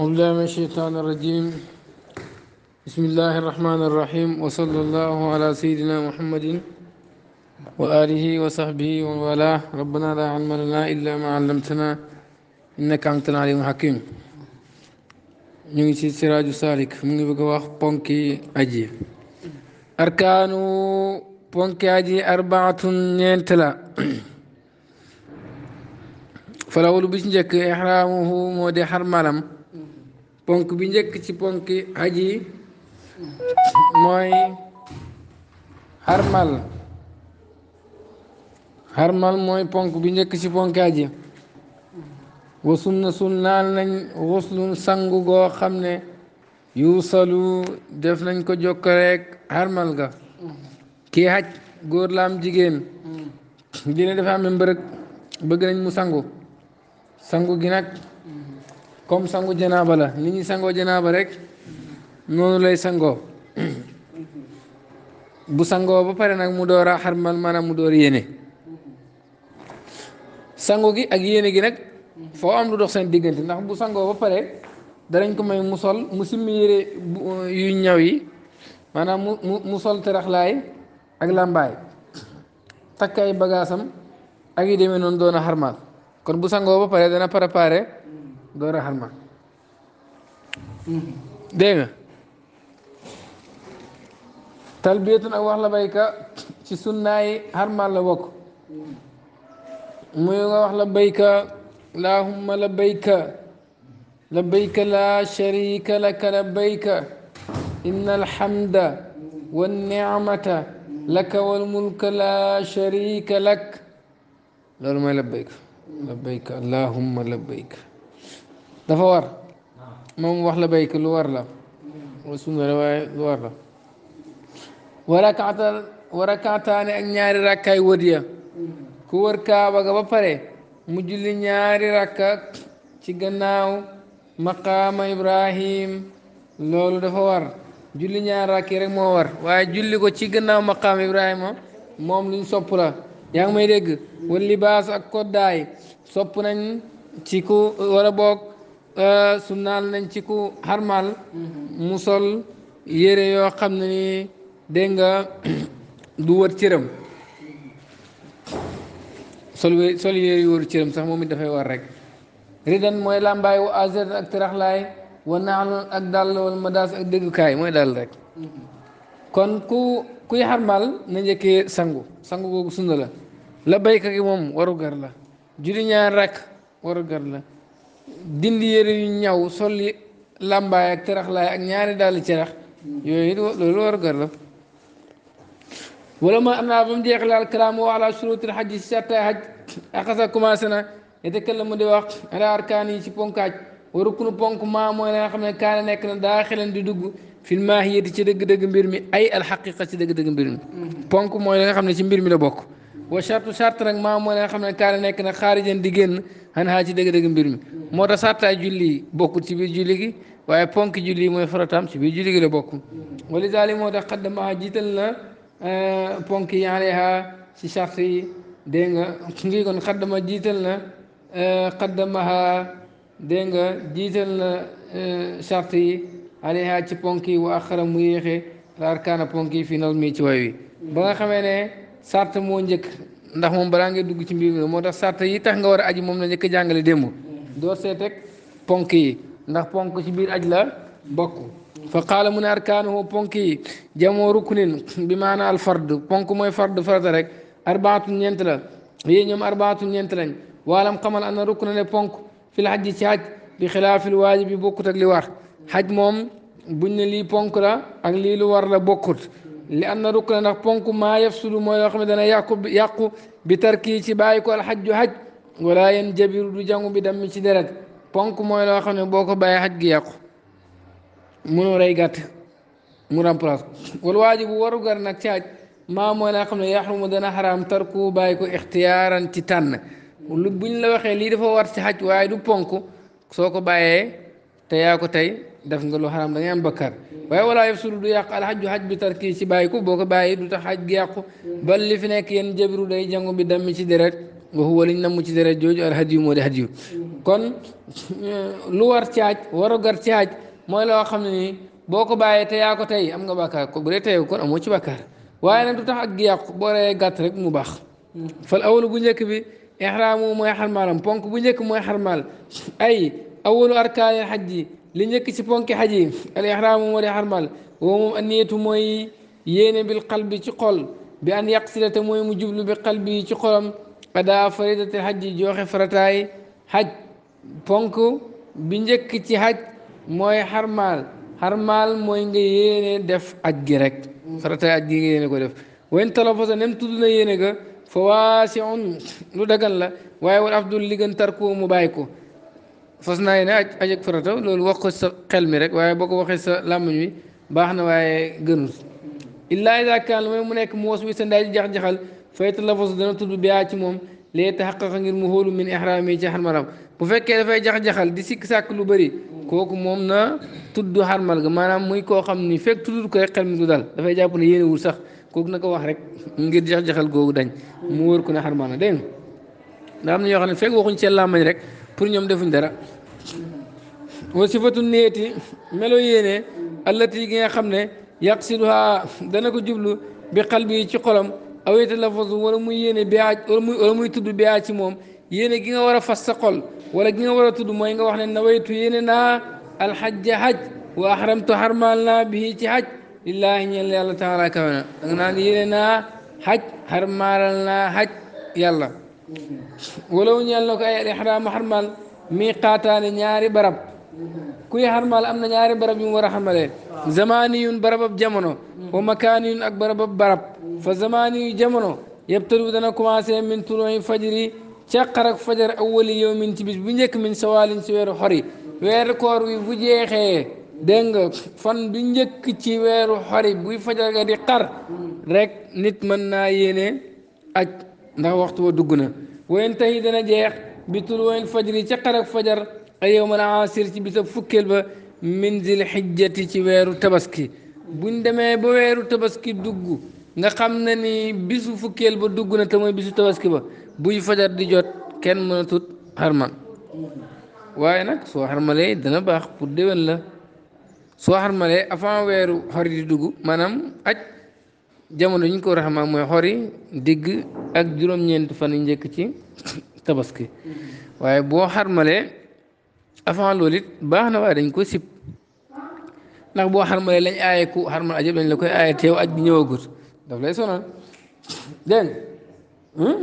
أعوذ من الشيطان الرجيم بسم الله الرحمن الرحيم وصلى الله على سيدنا محمد وآله وصحبه والاه ربنا لا علم لنا إلا ما علمتنا إنك أنت العليم الحكيم نيجي ngi ci siraaju salik mu ngi bëgg a wax ponki aji arkaanu ponki aji arbaatun ñeent la حرمالم पंक बिंजे किसी पंक हजी मई हरमल हरमल मई पंक बिंजे किसी पंक हजी वो सुन न नहीं वो सुन संग गो खमने यू सलू देफ को जो करे हरमल का के हज गोरलाम जिगेन दिने दफा मेंबर बगरें मुसंगो संगो गिनक kom sangu janaba la ni ñuy sangoo janaba rek nonu lay sango bu sango ba pare nag mu door mana xarmal mu door yene sango gi ak yene gi nak fo am lu dox sen ndax bu sango ba pare Dari ko may musol musim yere yu ñaw yi maanaam musol tarax lay ak lambay takay bagasam ak yi demee non doona harmal kon bu sango ba pare dana door a xarmal dégg nga talbiyatun ak wax la bayka ci sunnaayi xarmal la bokk muy nga wax la bayka laahumma la bayka la bayka laa sharika laka la bayka inna alhamda wa niamata laka wal mulka laa sharika lak loolu mooy la bayka la bayka allahumma la bayka dafa war moom wax la béykat lu war la wa sunna war la wa rakaata ak ñaari rakkaay wër ya ku wër kaaba ga ba pare mu julli ñaari rakka ci gannaaw maqaama ibrahim loolu dafa war julli ñaari rakk yi rek moo war waaye julli ko ci gannaaw maqaama ibrahima moom luñ sopp la yaa ngi may dégg wala libaas ak koddaay sopp nañ ci ku wala boog Euh, sunnaal nañ ci ku xarmal mm-hmm. mu sol yére yoo xam na ni dégg nga du wër cëram sol sol yére yu wër cëram sax moom it dafay war rek ridan mooy làmbaay wa azr ak tëraxlaay wa naaxal ak dàll wala madaas ak déggukaay mooy dal rek mm-hmm. kon ku kuy xarmal na njëkkee sangu sangu googu sunna la la bayka gi moom waru gar la julli ñaar rakk waru gar la dindi yére yu ñaw solli làmbaay ak teraxlaay ak ñaari dàll cerax yooyu loolu war gar la wala ma am naa ba mu jeex laal kalaamu ala surutil xaj si sàttaay xaj akasa commencé na yatakallamu di wax ala arkaan yi ci ponkaaj waru kunu ponk maa mooy la xam ne kaane nekk na daa xelan di dugg fil maahiyati ci dëgg-dëgg mbir mi ay alxaqiqa ci dëgg-dëgg mbir mi mm-hmm. ponk mooy la xam ne ci mbir mi la bokk wa sartu sart nag maa moo ne xam ne kaana nekk na xaarijan di génn xan xaa ci dëgg-dëgg mbir mi moo tax sartaay julli bokkul ci biir julli gi waaye ponk julli mooy farataam ci biir julli gi la bokk wali daali moo tax xaddama jiital na eh, ponk yi alayha ci sart yi dégg nga ngi kon xaddama jiital na eh, xaddamaha dégg nga jiital na eh, sart yi alayha ci ponk yi wa axara mu yéexe raar kaana ponk yi fi nal mii ci way wi ba nga xamee ne sart moo njëkk ndax moom balaa ngee dugg ci mbir mi moo tax sart yi tax nga war a aji moom la njëkk jàngale démb door see teg ponk yi ndax ponk ci biir aj la bokk fa qaala mu ne arkaanuhu ponk yi jamoo ruknin bi maanaa al fard ponk mooy fard farata rek arbaatu ñeent la yéen ñoom arbaatu ñeent lañ waalam xamal ana rukk na ne ponk fil xaj ci xaj bi xilaafil waajib bi bokkut ak li war xaj moom buñ ne lii ponk la ak lii lu war la bokkut li am na rukk na ndax ponk maa yafsulu mooy yoo xam ne dana yàqu yàqu bi tarkii ci bàyyi ko alxajju xaj wala yéen jabiru du jàngu bi dammi ci deret ponk mooy loo xam ne boo ko bàyyi xaj gi yàqu mënoo rey gàtt mu remplace ko wala waajibu waru gar nag ci xaj maa mooy laa xam ne yaxrumu dana xaraam tarku bàyyi ko ixtiyaaran ci tànn lu buñ la waxee lii dafa war ci xaj waaye du ponk soo ko bàyyee te yaa ko tey def nga lu xaram da ngay am bakkaar waaye wala yafsulu du yàq alxaju xaj bi tarki ci bàyyi ko boo ko bàyyi du tax xaj gi bal li fi nekk yéen jabiru day jàngu bi dammi ci deret wa huwa liñ namm ci deret jooju al moo di hadiyu kon lu war caaj war a gar caaj mooy loo xam ne ni boo ko bàyyee te yaa ko tey am nga bakkaar ko bu dee amoo ci bakkaar waaye nag du tax ak gi boo reyee gàtt rek mu baax fal awalu bu njëkk bi ixraamu mooy xarmaalam ponk bu njëkk mooy xarmaal ay awalu arkaani xaj yi li njëkk ci ponki haji yi al ihraamu moo di xarmal woo moom anniyatu mooy yéene bil qalbi ci xol bi an yaqsida te mooy mu jublu bi qalbi ci xolam adaa faridati xaj joxe farataay xaj ponk bi njëkk ci xaj mooy xarmal xarmal mooy nga yéene def aj gi rek farataay aj gi nga yéene ko def wen talafasa nem tudd na ga fa on lu dagan la waaye wal afdul li gën tarku mu bàyyi فسنا هنا أجيك فرطه لو كلمة رك وياي بكو وقت س لامنوي باهنا وياي جنوس إلا إذا كان لو منك موسى سنداج جح جحل فيت الله فسدنا تدو بياج موم ليتحقق عن المهول من إحرام جحر مرام بفك كيف في جح جحل دي سكسا كل بري كوك موم نا تدو حرم مرام مانا موي كوك هم نفك تدو كي كلمة دال ده في جابون يين ورسخ كوك نك وحرك نجد جح جحل كوك دين مور كنا حرمانا دين نعم يا خالد فك شلا من رك pour ñoom defuñ dara wa sifatu niyyati melo yéene allati gi nga xam ne yaqsiduha dana ko jublu bi qalbi ci xolam aw yatalafazu wala muy wala muy tudd bi ci moom yéene gi nga war a fas sa xol wala gi nga war a tudd mooy nga wax ne nawaytu yéene naa alxajja xaj wa ahramtu xarmaal naa bii ci xaj lillaahi ñeel yàlla taala kawe na danga naan naa xaj xarmaalal naa xaj yàlla walaw ñeel na ko ay ihraam xarmal mii xaataane ñaari barab kuy xarmal am na ñaari barab yu mu war a xarmalee zamaani yun barabab jamono wa makaani ak barabab barab fa zamaani yu jamono yebtalu dana commencé min tuloy fajri càqar ak fajar awwali ci bis bu njëkk min sawaalin si weeru xori weeru koor wi bu jeexee dégg nga fan bu njëkk ci weeru xori buy fajar ga di rek nit mën naa yéene ak ndax waxtu wa dugg na wayen tayi dana jeex bitul wayen fajri ca xarak fajar ay yow mën a asir ci bisab fukkeel ba min zil xijjati ci weeru tabaski buñ demee ba weeru tabaski dugg nga xam ne ni bisu fukkeel ba dugg na te mooy bisu tabaski ba buy fajar di jot kenn mënatut xarmal waaye nag soo xarmalee dana baax pour déwén la soo xarmalee avant weeru xarit dugg maanaam aj jamono ñu ko war a xamaa mooy xori digg ak juróom-ñeent fan yu njëkk ci tabaski waaye boo xarmalee avant baax na waaye dañ ko sib ndax boo xarmalee lañ aaye ku xarmal lañ la koy aaye teew aj bi ñëwagut daf lay sonal dégg nga hmm?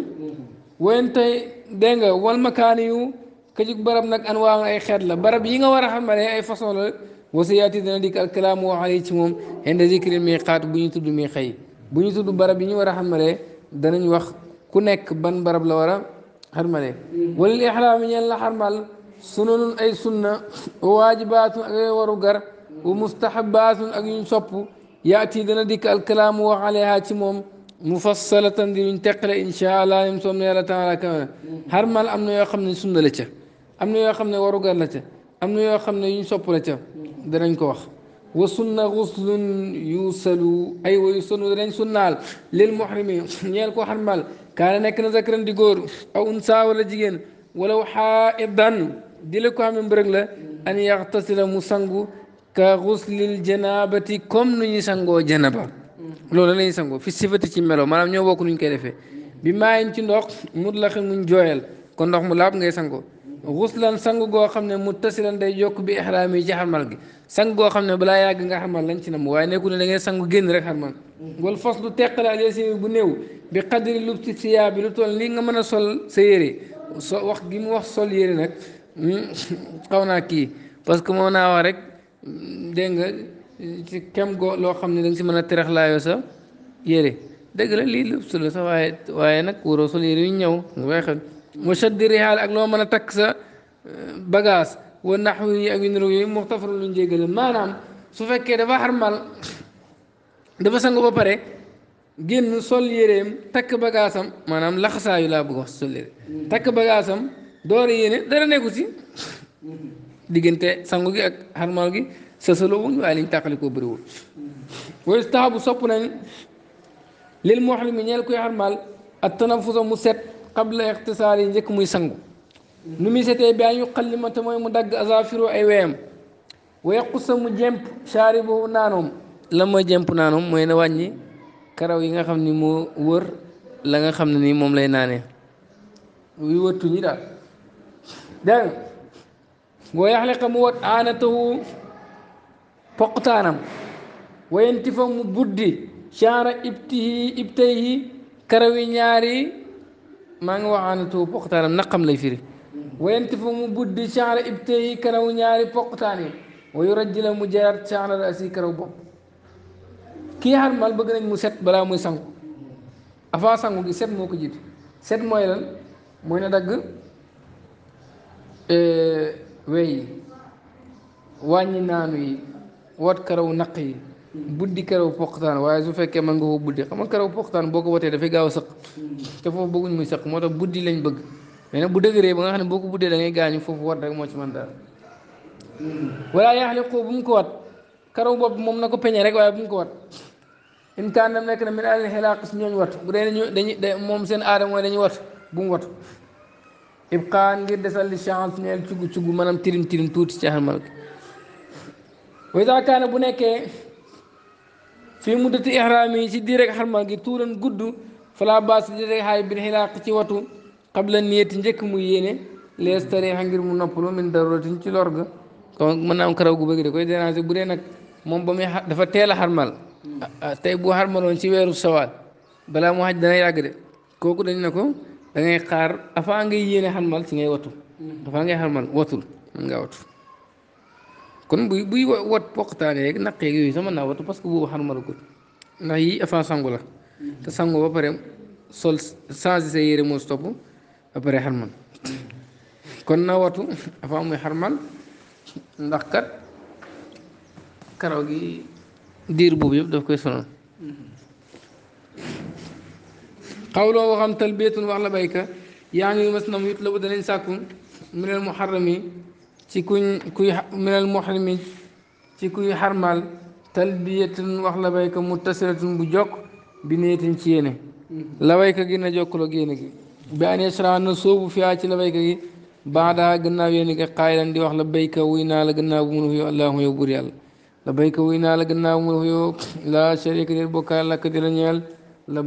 woyen tey dégg nga wal makaani yu këjug barab nag an waa ay xeet la barab yi nga war a xarmalee ay façon la wasiyaati dana dikk alkalaamu wax ci moom xen da zikri miqaat bu ñu tudd mi xëy bu ñu tudd barab yi ñu war a xarmalee danañ wax ku nekk ban barab la war a xarmalee mm-hmm. wala li ixraam ñeen la xarmal sunanun ay sunna wa waajibaatun ak ay waru gar wa mustahabaatun ak ñu sopp yaati dana dikk alkalaamu wax aleha ci moom mufassalatan di yuñ teqale insha allah nim soom ne yàlla taala kamana mm-hmm. xarmal am na yoo xam ne sunna la ca am na yoo xam ne waru gar la ca am na yoo xam ne yuñ sopp la ca mm-hmm. danañ ko wax وسن غسل يوصل أي ويسن ودرين سنال للمحرم نيال كو حرمال كان نك ذكرن دي غور أو أنسا ولا جيجين ولو حائضا دي لكو هم برغلا أن يغتسل مسنغو كغسل الجنابة كم ني سنغو جنبا لولا لي سنغو في صفة تي ملو مانام نيو بوك نين ديفه بما ين تي ندوخ من جويل كون ندوخ ملاب ngay sango xuslan sang goo xam ne mu tasilan day jokk bi ixraam yi ci xarmal gi sang goo xam ne balaa yàgg nga xarmal lañ ci nam waaye nekku ne da ngay sangu génn rek xarmal wal lu teqale ak yéesi bu néew bi xadri lu ci siyaa bi lu toll li nga mën a sol sa yére so wax gi mu wax sol yére nag hmm, xaw naa kii parce que moo naa wax rek dégg nga ci kem loo xam ne da si mën a terex laayoo sa yére dëgg la lii lu solo sax waaye waaye nag waroo sol yére yu ñëw nga bàyyi xel مشدرها لك لو من تكسى بغاس ونحو يأمين روي مغتفر من جيغل ما نعم سوفك دابا حرمال دابا سانغو باري جن سول يريم تك بغاسم ما نعم لخصا يلا بغو سول يريم تك بغاسم دور يني دار نيكوسي ديغنت سانغو كي حرمال كي سسلو وني والي تاخلي كو برو ويستحب صبنا للمحرم نيل حرمال التنفس مسد qabla ixtisaar yi njëkk muy sangu nu muy setee bi ay xallimata mooy mu dagg azafiro ay weyam waaye xusa mu jemp shaari boobu naanoom la jemp naanoom mooy na wàññi karaw yi nga xam ni moo wër la nga xam ne nii moom lay naane yu wëttu ñi daal dégg boo yaxliqa mu wat aanatahu poqtaanam wayanti fa mu buddi shaara ibtihi ibtayhi karaw ñaari maa ngi waxaanatu poqtaanam naqam lay firi wayanti fa mu buddi caara ibteyi karaw ñaari poqtaan yi wayu rajji mu jaraat caara rasi karaw bopp kii xarmal bëgg nañ mu set balaa muy sangu avant sangu gi set moo ko jiitu set mooy lan mooy na dagg eh, wey yi wàññi naanu yi wat karaw naq yi buddi karaw poqtaan waaye su fekkee mën nga koo buddi xam nga karaw poqtaan boo ko watee dafay gaaw a sëq te foofu bëgguñ muy sëq moo tax buddi lañ bëgg mais nag bu dëgëree ba nga xam ne boo ko buddee da ngay gaañu foofu wat rek moo ci mën dara wala yaaxle xoo bu ko wat karaw bopp moom na ko peñe rek waaye bu mu ko wat in kaan dam nekk na min alal xelaaq si ñooñ wat bu dee dañu moom seen aadama mooy dañuy wat bu mu watu ibqaan ngir desal li chance ñeel cugu man am tirim tirim tuuti ci xamal ko bu nekkee fii muddati ihraam yi ci diir ak xarmal gi tuuran gudd fala baas di rek xaay bir xilaaq ci watu xabla niyeti njëkk mu yéene lees tarixa ngir mu noppalu min daruratin ci lor ga kon mën naa am karaw gu bëgg da koy déranger bu dee nag moom ba muy dafa teel a xarmal ah, tey bu xarmaloon ci weeru sawaal balaa mu xaj dana yàgg de kooku dañ ne ko da ngay xaar avant ngay yéene xarmal si ngay watu mm-hmm. avant ngay xarmal watul mën ngaa watu kon buy buy wat waxtaanee rek naqeeg yooyu sama naa watu parce que boobu xarmala ko ndax ba pare sa yére moo kon na watu avant muy xarmal ndax kat karaw gi diir boobu yëpp daf koy sonal xawloo waxam talbiyatun wax la bayka yaa ngi mas mu yut la bu danañ mu neen mu xarami ci kuñ kuy minal muhrimi ci kuy xarmal talbiyatun wax la bayka muttasilatun bu jokk bi neetin ci yéene mm-hmm. la bayka gi na jokkul ak yéene gi bi anee na soobu fiyaa ci la bayka gi baadaa gannaaw yéene gi xaayilan di wax la bayka wuy naa la gannaaw bu mun huyoo allahu yow buur yàlla la bayka naa la gannaaw bu mun huyoo laa sharika déet bokkaal lakk di la ñeel la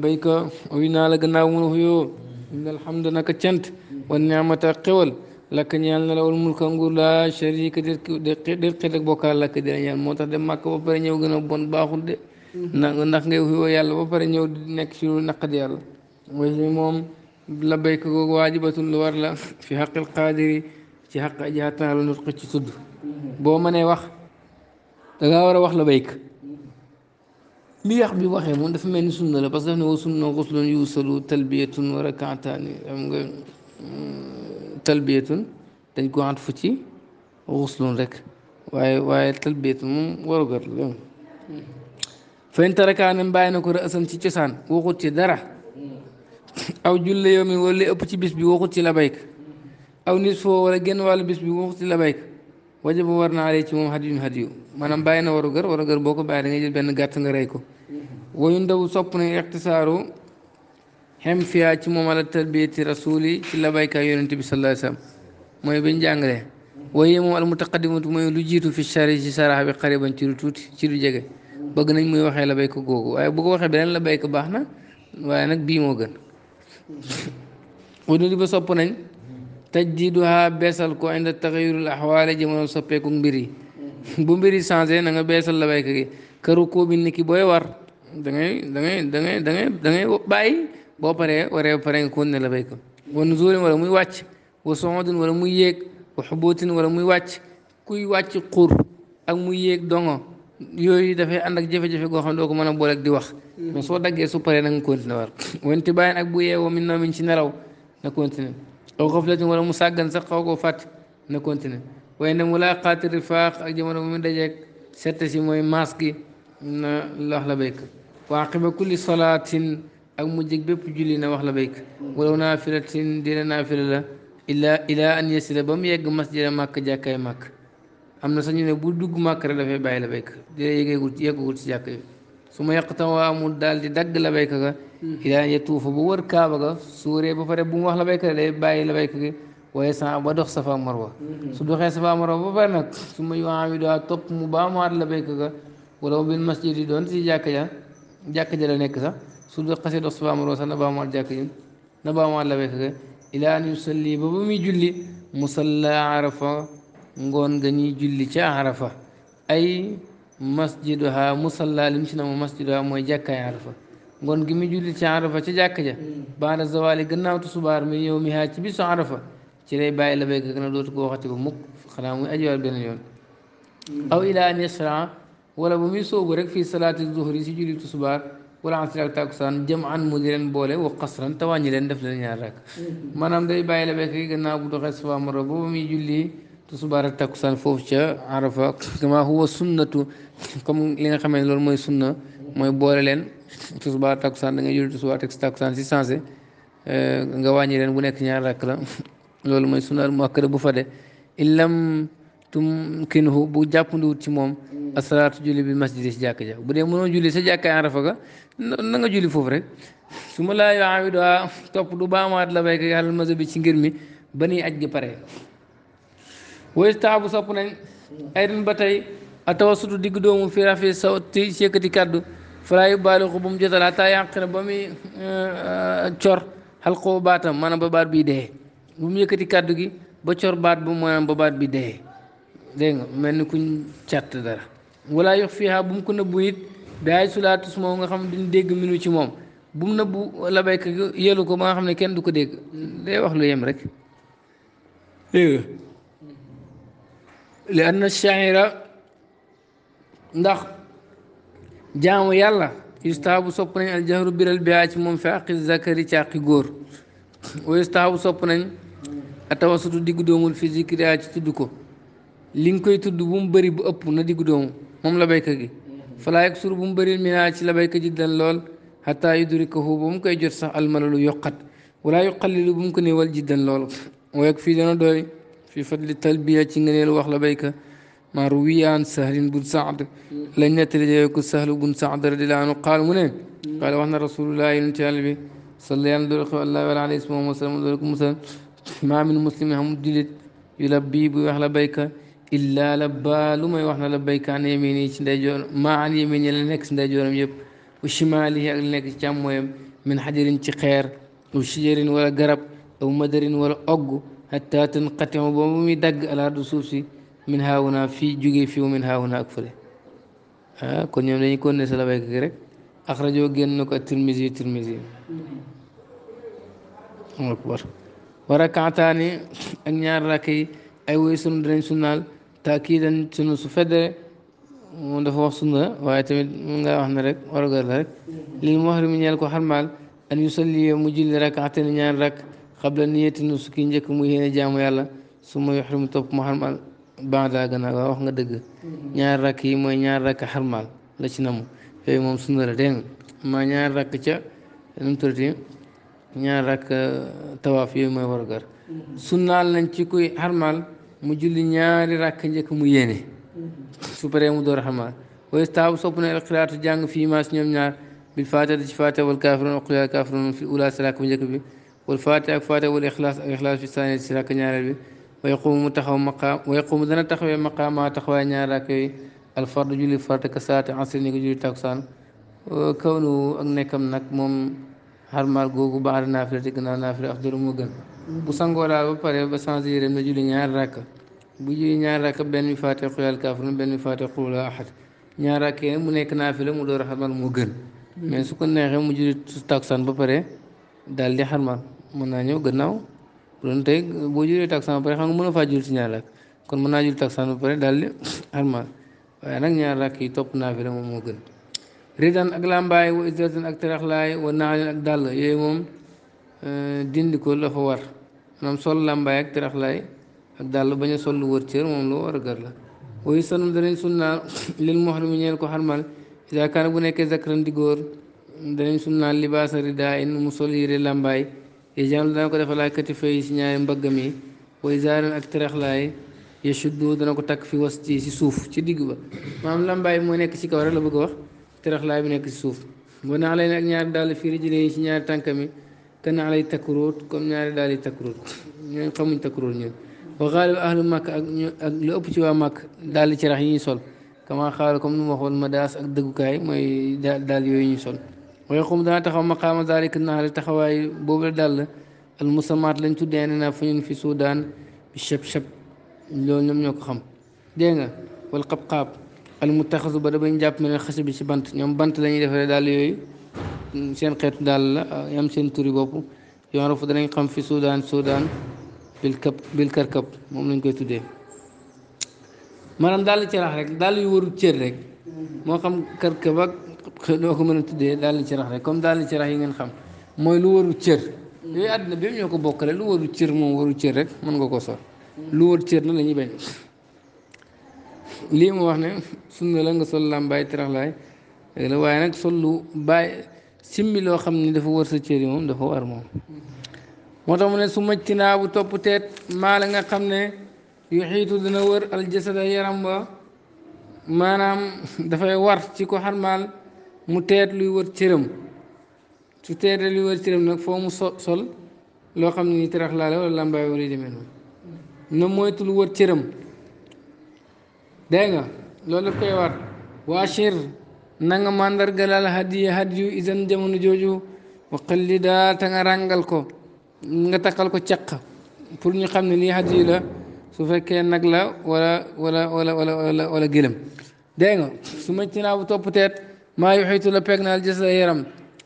naa la gannaaw bu mun huyoo mm-hmm. inna alhamdu naka cant wa niamata xewal lakk ñeel na la wal mulka nguur laa sharika dir dir xit ak bokkaal lakk di la ñeel moo tax dem màkk ba pare ñëw gën a bon baaxul de mm-hmm. na ndax ngay wuyoo yàlla ba pare ñëw nekk ci lu naqadi yàlla mooy si moom la béyk googu waajibatun lu war la fi xaqil ci xaq mm-hmm. mënee wax dangaa war a wax la béyk mm-hmm. li yàq bi waxee moom dafa mel ni sunna la parce que daf ne wa sunna xuslun yuusalu talbiyatun wa rakaataani xam mm, talbiyatun dañ ko ànd fu ci xuslun rek waaye waaye talbiyatun moom warugar la fayn tarakaanem bàyyi na ko rësan ci cosaan waxut ci dara aw julle yow mi wala ëpp ci bis bi waxut ci labayk aw nis foo wala genn wàllu bis bi waxut ci labayk wajaba war naa rey ci moom xad yun xad yu maanaam bàyyi na warugar warugar boo ko bàyyi da ngay jël benn gàtt nga rey ko wayun dawu sopp na ixtisaaru xem fiyaa ci moom ala tarbiyati rasuli ci labaykaay yonente bi sallallahu alayhi wa sallam mooy biñ jàngalee waaye moom al mutaqaddimatu mooy lu jiitu fi shari ci sarax bi xariban ci lu tuuti ci lu jege bëgg nañ muy waxee labayka googu waaye bu ko waxee beneen labayka baax na waaye nag bii moo gën wunu di ba sopp nañ tajdiduha beesal ko inda taxayurul axwaale jamono soppeeku mbir yi bu mbir yi changé na nga beesal labayka gi këru koo bi ki booy war da ngay da da da ngay da boo paree waree pare nga kon ne la béy ko wa nuzuulin muy wàcc wa soxodin wala muy yéeg wa xubuutin wala muy wàcc kuy wàcc xur ak muy yéeg dongo yooyu dafay ànd ak jafe goo xam ne doo ko mën a boole ak di wax mm-hmm. soo daggee su pare na nga continué war wante bàyyin ak bu yeewoo min noomin ci nelaw na continué aw xaflatin wala mu sàggan sax xaw koo fàtt na continué waaye nag mulaaqaati rifaax ak jamono bu mu dajeeg sette si mooy maas gi na lax la béyk wa ak mujjëg bépp julli na wax la béyk walaw naafilatin dina naafila la illa ilaa an yasila ba mu yegg masjida màkk jàkkaay màkk am na sañu ne bu dugg màkk rek dafay bàyyi la béyk dina yeggeegul yeggagul ci jàkk yi su ma yàq waa mu daal di dagg la béyk ga ilaa an yatuufa bu wër kaaba ga suuree ba pare bu mu wax la béyk day bàyyi la béyk gi waaye san ba dox safa marwa su doxee safa marwa ba pare nag su ma yoami doa topp mu baa maat la béyk ga walaw bil masjid yi doon si jàkk ja jàkk ja la nekk sax صدق سيد الصلاة مروسا نبا مال جاكين نبا مال لبيتك إلى أن يصلي ببمي جلي مصلى عرفة نقول غني جلي جا عرفة أي مسجدها مصلى لمشنا مسجدها موي جاكا عرفة نقول غمي جلي جا عرفة جا جاكا جا بعد الزوالي قلناه تصبار من يومها تبس عرفة تري باي لبيك كنا دوت كو وقت بمك خلامو أجوال بين اليوم أو إلى أن يسرع ولا بمي صوبرك في صلاة الظهر سجلي تصبار wala asri ak takusaan jëm an mu di leen boole wa xasran te wàññi leen def leen ñaar rek maanaam day bàyyi la bekk gannaaw bu doxee suba mara boobu muy julli tusubaar ak takusaan foofu ca arafa kama huwa sunnatu comme li nga xamee loolu mooy sunna mooy boole leen tusubaar takusaan da ngay julli tusubaar teg takusaan si sensé eh, nga wàññi leen bu nekk ñaar rek la loolu mooy sunna al muakkada bu fade illam tumkinuhu bu jàppandiwut ci moom asalaatu julli bi masjidi si jàkk ja bu dee mënoo julli sa jàkkaay arafa ga na nga julli foofu rek su ma laa yoawi doa ah, topp du la bayka yàlla bi ci ngir mi ba nuy aj gi pare woy taabu sopp nañ ay a tawasutu digg doomu fi rafi sawti mu jotal na ba muy eh, eh, cor xal ko baatam maanaam ba baat bi dee bu mu yëkkati kàddu gi ba cor baat bu maanaam ba baat bi dee dégg nga mel ni kuñ càtt dara wala yox fiiha bu mu ko nëbbu it daay sulaatu suma nga xam duñ dégg minu ci moom bu mu nëbbu labayka yelu ko ba nga xam ne kenn du ko dégg day wax lu yem rek dégg li anna shaira ndax jaamu yàlla yustaabu sopp nañ aljahru biral bihaa ci moom fi àqi zakari ci àqi góor wa yustaabu sopp nañ atawasutu diggu doomul fi zikriyaa ci tudd ko li nga koy tudd bu mu bëri bu ëpp na diggu doomu moom la baykat gi falaa yak sur bu mu bëri minaa ci la baykat ji dan lool xataa yudrikahu ba mu koy jot sax almalalu yokkat walaa yuqallilu bu mu ko néewal ji dan lool wayak fii dana doy fii fadli talbiya ci ngeneelu wax la baykat maa ruwiyaan sahlin bun saad lañ nettali jëlee ko sahlu bun saad radiyallaahu anhu qaal mu ne qaal wax na rasulullah yonent yàlla bi salla yàlla doole xew allah wala alayhi salaam wa maa min muslimin amul إلا لبا لما يوحنا لبيك عن يميني شنديجور ما عن يميني لنك شنديجور مجب وشمالي هي لنك شامويم من حجر تخير وشجر ولا قرب أو مدر ولا أقو حتى تنقطع بومي دق على رسوسي من هنا في جوجي في ومن هنا أكفره ها آه، كن يوم لين كون نسلا بيك غيرك أخرجوا جن نك الترمزي الترمزي أكبر وركعتاني أنيار ركي أيوة سندرين سنال أيوة taakidan sunu su feddee moom dafa wax sunna waaye tamit mun ngaa wax ne rek warugar la rek lil muhrimi ñeel ko xarmaal an yusalli mu julli rak'atayn ñaari rak xabla niyati nusuk ki njëkk mu yéene jaamu yàlla su ma yuhrimu topp mu xarmaal baada gannaaw waaw wax nga dëgg ñaari rakk yi mooy ñaari rakk xarmaal la ci namu yooyu moom sunna la dégg nga ma ñaari rakk ca nu mu tuddati ñaari rakk tawaaf yooyu mooy warugar mm-hmm. sunnaal nañ ci kuy xarmaal mu julli ñaari rakk njëkk mu yéene mm-hmm. su mu doo a xamaa waaye taabu sopp na alxiraatu jàng fii maas ñoom ñaar bil faatiha ci faatiha wal kaafiruun ak qul yaa fi ulaa rakk bu njëkk bi wal faatiha ak faatiha wal ixlaas ak fi saani si rakk ñaareel bi wa yaqumu mu taxaw maqaam wa yaqumu dana taxawee maqaamaa taxawaay ñaar rakk yooyu alfardu julli farata ka saati asri ni ko julli takusaan kawnu ak nekkam nag moom xarmaal googu baax na naafila te gannaaw naafila afdalu moo gën bu sangoo daal ba pare ba changé yéreem na julli ñaar rakk bu julli ñaar rakk benn bi faate xuyal kaafiruun benn bi faate xul ahad ñaar rakk yi mu nekk naafila mu door a xarmaal moo gën su ko neexee mu julli takkusaan ba pare daal di xarmaal mën naa ñëw gannaaw bu doon tey boo jullee takkusaan ba pare xam nga mën a faa julli si ñaar rakk kon mën naa julli takkusaan ba pare daal di xarmaal waaye nag ñaar rakk yi topp naafila moom moo gën ridan ak làmbaay wa izzatin ak taraxlaay wa naalin ak dàll yooyu moom dindi ko la fa war maanaam sol làmbaay ak taraxlaay ak dàll bañ a sol lu wër cër moom loo war a gër la wayu sanum danañ sunnaa lil muhrimi ñeen ko xarmal ida kaana bu nekkee zakran di góor danañ sunnaa libaasa ridaa in mu sol yére làmbaay yejaan dana ko defa laa katifay si ñaari mbaggam yi way zaaren ak teraxlaay yashuddu dana ko takk fi was ci si suuf ci digg ba maanaam làmbaay moo nekk ci kaw rek la bëgg a wax ترخ لاي بنك السوف بنا علي نك نيار دال في رجلي سي نيار تانكامي كن علي تكروت كوم نيار دالي تكروت ني خمو تكروت ني وغالب اهل مكه اك لي اوب سي وا مكه دالي سي راه ني سول كما خالكم نمو خول مداس اك دغوكاي موي دال دال يوي ني سول ويقوم دنا تخاو مقام ذلك النهر تخواي بوبل دال المسمات لن تدينا في السودان بالشبشب لو نم نيوكو خم دينا والقبقاب al mutaxasu ba da bañ jàpp mel ne xase bi ci bant ñoom bant la ñuy defaree daal yooyu seen xeetu daal la ah, am seen turi bopp yoon rafu danañ xam fi Soudan Soudan bil kap bil moom lañ koy tuddee maanaam daal ci rek daal yu warul cër rek moo xam karkab ak noo ko mën a tuddee daal ci rax rek comme daal yi ngeen xam mooy lu waru cër yooyu àddina bi ñoo ko bokkale lu warul cër moom warul cër rek mën nga koo sol lu warul cër na la ñuy lii mu wax ne sunna la nga sol làmbaay tiraxlaay la waaye nag sol lu bàyyi simmi loo xam ni dafa war sa cër yi moom dafa war moom moo tax mu ne su macc naa bu topp teet maa la nga xam ne yu xiitu dana wër aljasada yaram ba maanaam dafay war ci ko xarmaal mu teet luy wër cëram su teetee luy wër cëram nag foo mu sol loo xam ne ni tiraxlaay la wala làmbaay wala demee noonu na moytu lu wër cëram dégg nga loolu daf koy war waachir na nga màndargalal hadiya hadiyu isan jamono jooju wa xallida ta nga ràngal ko nga takkal ko caq pour ñu xam ne lii hadiyu la su fekkee nag la wala wala wala wala wala gëlëm dégg nga su ma ci naa bu topp teet maa yuxiitu la peeg naal jës yaram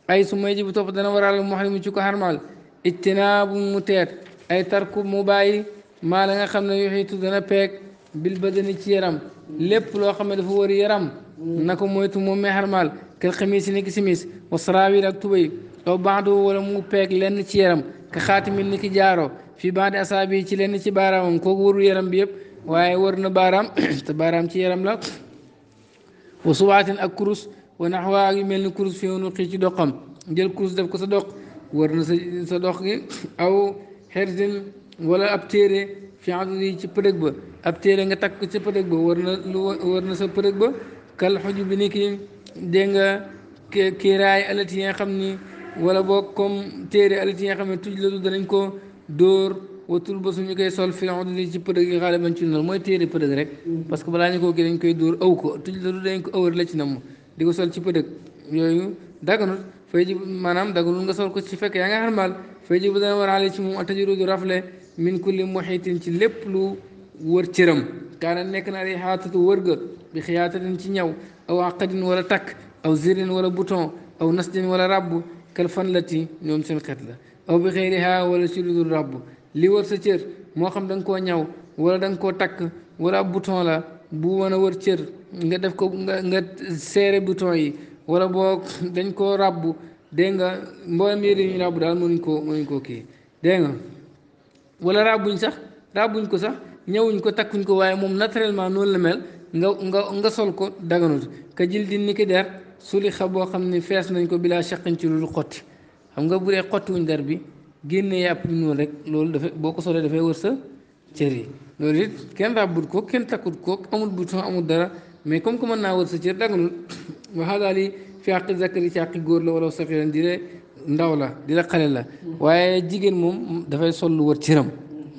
ay su may ji bu dana waral mu ci ko xarmaal ijtinaabu mu teet ay tarku mu bàyyi maa la nga xam ne yuxiitu dana peeg bil badani ci yaram lépp loo xam ne dafa wër yaram naka moytu moom may xarmaal kal xamis ni ki simis wa saraawir ak tubay aw baado wala mu peeg lenn ci yaram ka xaatimin ni ki jaaro fii baadi asaabi ci lenn ci baaraamam kooku wëru yaram bi yëpp waaye wër na baaraam te baaraam ci yaram la wa subaatin ak kurus wa naxwa ak yu mel ni kurus fi woonu xii ci doqam jël kurus def ko sa doq wër na sa sa gi aw xersin wala ab téere fi adadi ci përëg ba nga takk ci përëg ba na lu war na sa përëg ba kal xuju bi ni ki dégg nga kiiraay xam ni wala boog comme téere alati yi xam ne tuj la du danañ ko dóor watul ba suñu koy sol fi adadi ci përëg ci noonu mooy téere përëg rek parce la du dañ ko awar la ci namm di ko sol ci përëg yooyu daganut fay ji maanaam daganul nga sol ko ci fekk yaa nga xarmaal fay ji bu dana war ci moom atajuru du rafle min kulli muhitin ci lépp lu wër cëram kaana nekk na ay xaatatu wër ga bi xiyaatatin ci ñaw aw àqadin wala takk aw zirin wala bouton aw nasdin wala ràbb kal la ti ñoom seen xet la aw bi xëyriha wala ci lu ràbb li wër sa cër moo xam da nga koo ñaw wala da nga koo takk wala ab bouton la bu wan a wër cër nga def ko nga nga seere bouton yi wala boo dañ ko ràbb dégg nga mboolem yëri ñu ràbb daal mënuñ ko mënuñ ko kii dégg wala raabuñ sax raabuñ ko sax ñëwuñ ko takkuñ ko waaye moom naturellement noonu la mel nga nga nga sol ko daganut ka jil di ni ki der suli xa boo xam ne fees nañ ko bilaa chaqin ci loolu xotti xam nga bu dee xottiwuñ der bi génnee yàpp bi noonu rek loolu dafay boo ko solee dafay wër sa cër yi loolu it kenn ràbbut ko kenn takkut ko amul bouton amul dara mais comme que mën naa wër sa cër daganul waxaa daal yi fi àqi zakari ci àqi góor la wala safiran di ndaw la di xale la waaye jigéen moom dafay sol lu wër cëram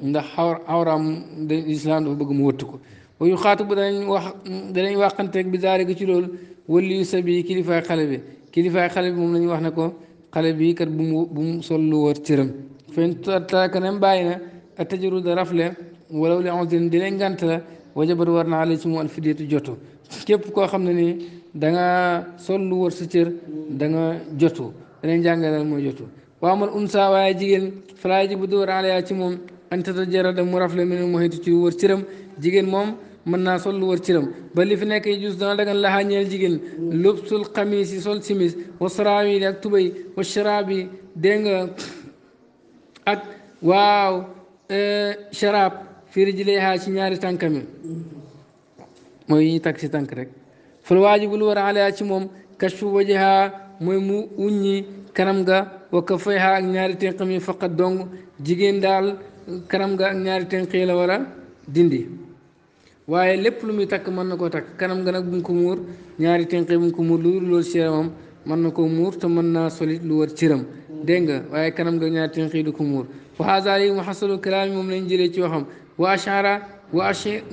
ndax awraam de islam dafa bëgg mu wëtt ko bu xaatu bu danañ wax danañ waxanteeg bi zaari gi ci loolu wëlli yu sabi kilifaay xale bi kilifaay xale bi moom la wax ne ko xale bi kat bu mu bu sol lu wër cëram fen taaka nem bàyyi na a tajaru da rafle wala li anzin dina leen ngant la wajabat war naa la ci mu alfidiyatu jotu képp koo xam ne nii danga sol lu wër sa cër danga nga leen jàngalal mooy jotu waaw man unsa waaye jigéen falaa ji bu dóor alayaa ci moom antata jarada mu rafle mu ne mu xeetu ci wër cëram jigéen moom mën naa sol lu wër cëram ba li fi nekk jus dana dagan laxaa ñeel jigéen lubsul xamis yi sol simis wa saraawi ak tubay wa sharaabi dégg nga ak waaw e, sharaab fii rijlihaa ci ñaari tànkami mooy yi ñu takk rek fal waajibu lu war alayaa ci moom kashfu wajhaa mooy mu uññi kanam ga wa kafayha ak ñaari tenqam yi faqat dong jigéen daal kanam ga ak ñaari tenq yi la war a dindi waaye lépp lu muy takk mën na koo takk kanam ga nag bu mu ko muur ñaari tenq bu mu ko muur lu dul loolu ci yaramam mën na koo muur te mën naa solit lu war ciram dégg nga waaye kanam ga ñaari tenq yi du ko muur wa haza yi mu xasalu moom lañ jëlee ci waxam wa ashara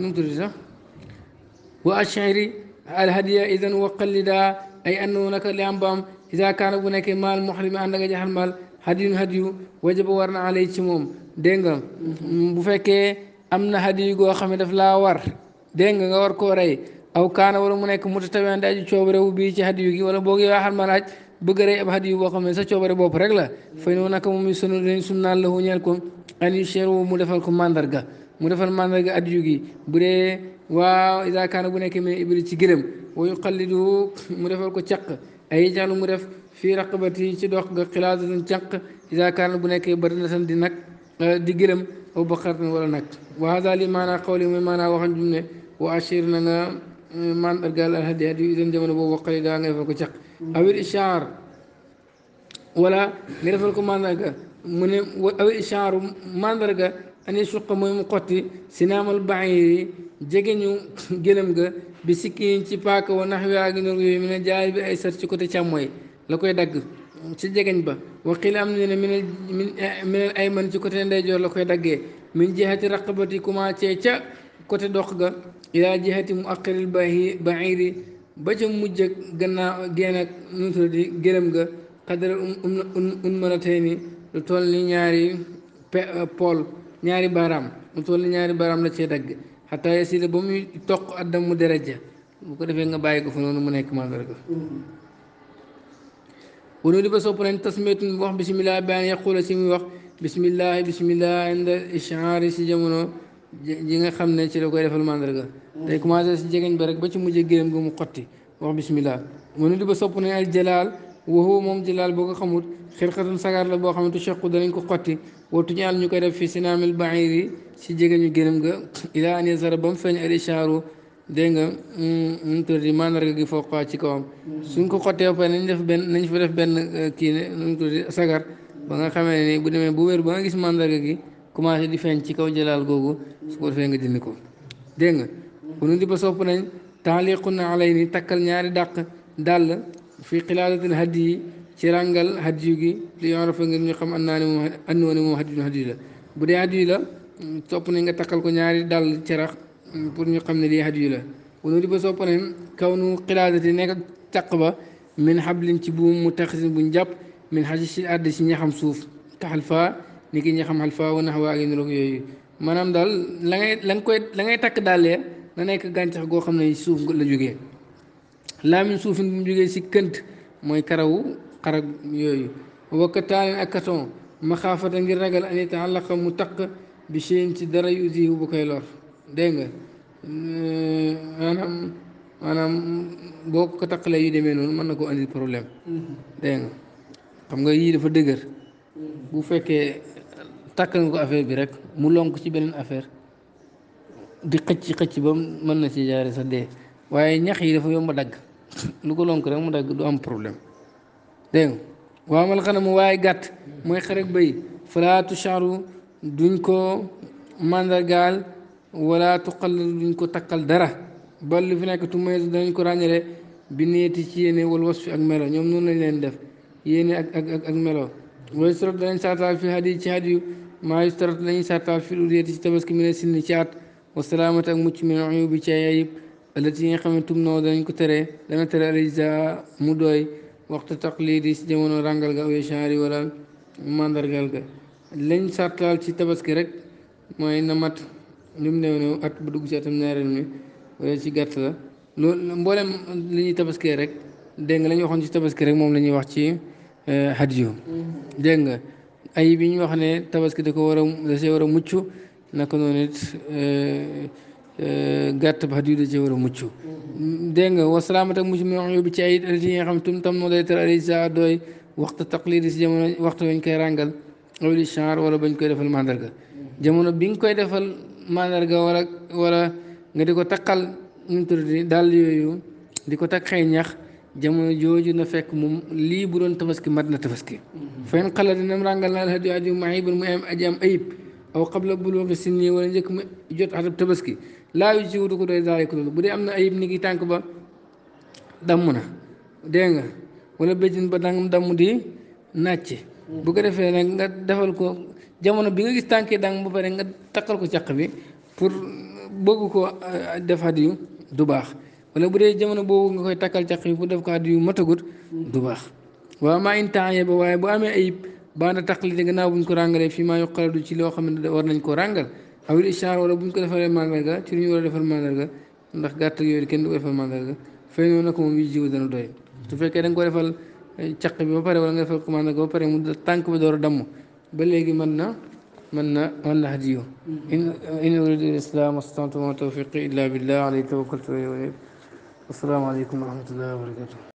wa ashir alhadiya idan waqallidaa ay annahu naka li am ba am iza kaana bu nekkee maal muhrimi ànd nga jaxal maal hadiyun hadiyu wajaba war na alay ci moom dégg nga bu fekkee am na hadiyu goo xam ne daf laa war dégg nga nga war koo rey aw kaana wala mu nekk muta taween daji coobare wu bii hadiyu gi wala boog yow axal ma laaj ab hadiyu boo xam ne sa coobare bopp rek la fay noo naka moom sunu dañ sun naan la ko an yu mu defal ko mandarga mu defal mandarga hadiyu gi bu dee waaw iza kaana bu nekkee mene ibri ci gërëm wa yuqalliduhu mu defal ko caq ay jaanu mu def fii raqabati ci dox ga xilaasatan caq idaa kaana bu nekkee bari na tan di nag eh, di gëlëm aw baqaratan wala nag wa hada li maanaa mooy maanaa waxan jum wa ashir nanga nga eh, man argal alhadi hadi yu idan jamono boobu waqali daa nga defal ko caq awil ishaar wala nga defal ko mandarga mu ne awil ishaaru mandarga ani suqa mooy mu xotti sinaamal baxiri jege ñu gëlëm ga bi sikkiin ci paaka wa nax wi ak nag yooyu mu ne jaay bi ay sat ci côté càmmooy la koy dagg ci jegeñ ba waqil am na ne min min ay man ci côté ndeyjoor la koy daggee min jihati raqabati commencé ca côté dox ga ilaa jihati mu aqiril baxiri ba ca mujj ak gannaaw génn ak nuutura di gëlëm ga xadara um um um mënatee um-, ni lu toll ni ñaari pool ñaari baaraam mu toll ñaari baaraam la cee dagg xataa yasila ba muy toq addam mu deraja bu ko defee nga bàyyi ko fa noonu mu nekk mandarga wano di ba sopp nañ tasmetun wax bisimilah baan yaqula si muy wax bisimilah bisimilah inda ishaari si jamono ji nga xam ne ci la koy defal mandarga day commencé si jegeñ ba rek ba ci mujjee géram gu mu xotti wax bisimilah wano di ba sopp nañ al jalaal waxoo moom jilaal boo ko xamut xirqatun sagar la boo xamante chequ danañ ko xotti wootu ñaal ñu koy def fi sinaamil bair yi si jege ñu gërëm ga ilaa an yasara ba mu feeñ al nga mu mm, mm, tuddi mandarga gi foo ci kawam suñ ko xottee ba nañ def benn nañ def benn euh, kii ne mu tuddi sagar ba nga xamee ni bu demee bu wér ba nga gis mandarga gi commencé di feeñ ci kaw jëlaal googu su ko defee nga dindi ko dégg nga bu nu di ba sopp nañ taaliqun alay ni takkal ñaari dàq dàll fii xilaadatil hadyi ci ràngal hadyu gi li yoon fa ngir ñu xam an naa ne moom an na woon moom hadyu hadyu la bu dee hadyu la sopp nañ nga takkal ko ñaari dal cerax pour ñu xam ne lii hadyu la wala li ba sopp nañ kaw nu xilaadati nekk caq ba min xablin ci buum mu taxisin buñ jàpp min xaj si si ñaxam suuf taxal faa ni ki ñaxam xal faa wana xawaa ngi niroog maanaam daal la ngay nga koy la ngay takk dàllee na nekk gàncax goo xam ne suuf la jóge laamin suufin bu mu jógee si kënt mooy karawu xarag yooyu wakkataalin ak katon maxaafata ngir ragal la àllaqa mu taq bi seen ci dara yu usihu bu koy lor dégg nga maanaam maanaam ko taqalee yu demee noonu mën na koo andil problème dégg xam nga yii dafa dëgër bu fekkee takk nga ko affaire bi rek mu lonk ci beneen affaire di xëcc xëcc ba mën na ci jaare sax dee waaye ñax yi dafa yomb dagg lu lonk rek mu dagg du am problème dégg nga waamal xanam waaye gàtt mooy xarek bay falaatu charu duñ ko mandargaal wala tuqal duñ ko takkal dara bal li fi nekk tumaytu dañ ko ràññale bi neeti ci yéene wala wasfi ak melo ñoom noonu lañ leen def yéene ak ak ak ak melo wala sarot danañ fi hadi ci hadi yu maa yu sarot fi lu deeti ci tabaski mi ne sinni ci at wasalaamata ak mucc mi ne bi ci ayib ëllëg yi nga xam ne noo dañ ko teree dana tere alisa mu doy waxtu taqlidi si jamono ràngal ga awe chanri wala mandargal ga lañ sartaal ci tabaski rek mooy na mat lu mu néew at bu dugg ci atam ñaareel mi wala ci gàtt la loolu mboolem li ñuy tabaskee rek dégg nga la ñu waxoon ci tabaski rek moom la ñuy wax ci hadiyu dégg nga ay bi ñu wax ne tabaski da ko war a da a mucc naka noonu it gàtt ba xadiyu da ci war a mucc dégg nga ak mucc mi wax yóbbu ci ay alati ci nga xam tum tam noo day tara ali sa dooy waxtu taqlidi si jamono waxtu bañ koy ràngal awli shar wala bañ koy defal mandarga jamono bi nga koy defal mandarga wala wala nga diko takal taqal ñu tudd dàll yooyu di ko xëy ñax jamono joju na fekk moom li bu don tabaski mat na tabaski fayn xala dinam ràngal naa hadiyu aju maayibun mu am aji ayib او قبل بلوغ sinni ولا njëkk جوت عرب تبسكي laa yu jiw ko doy zaalik loolu bu dee am na ayib ni ki tànk ba damm na dégg nga wala béjjën ba dangam damm di nàcc bu ko defee nag nga defal ko jamono bi nga gis tànkee dang ba pare nga takkal ko caq bi pour bëgg ko euh, def hadiyu du baax wala bu dee jamono boobu nga koy takkal caq bi pour def ko hadiyu matagut du baax waaw maa in temps ba waaye bu amee ayib baana taqli gannaaw buñ ko ràngalee fii maa yoqaladu ci loo xam ne war nañ ko ràngal awil ishaar wala bu ñu ko defaree mandarga ci lu ñu war a defar mandarga ndax gàtt yooyu kenn du ko defal mandarga fay noonu nag moom yi jiw dana doy su fekkee da nga ko defal eh, caq bi ba pare wala nga defal ko mandarga ba pare mu tànk bi door a damm ba léegi mën na mën na mën na hadiyu mm-hmm. in uridu al-islaam mastata'tu wa tawfiqi illa billah alayhi tawakkaltu wa ilayhi unib asalaamaaleykum wa rahmatullahi wa barakatuh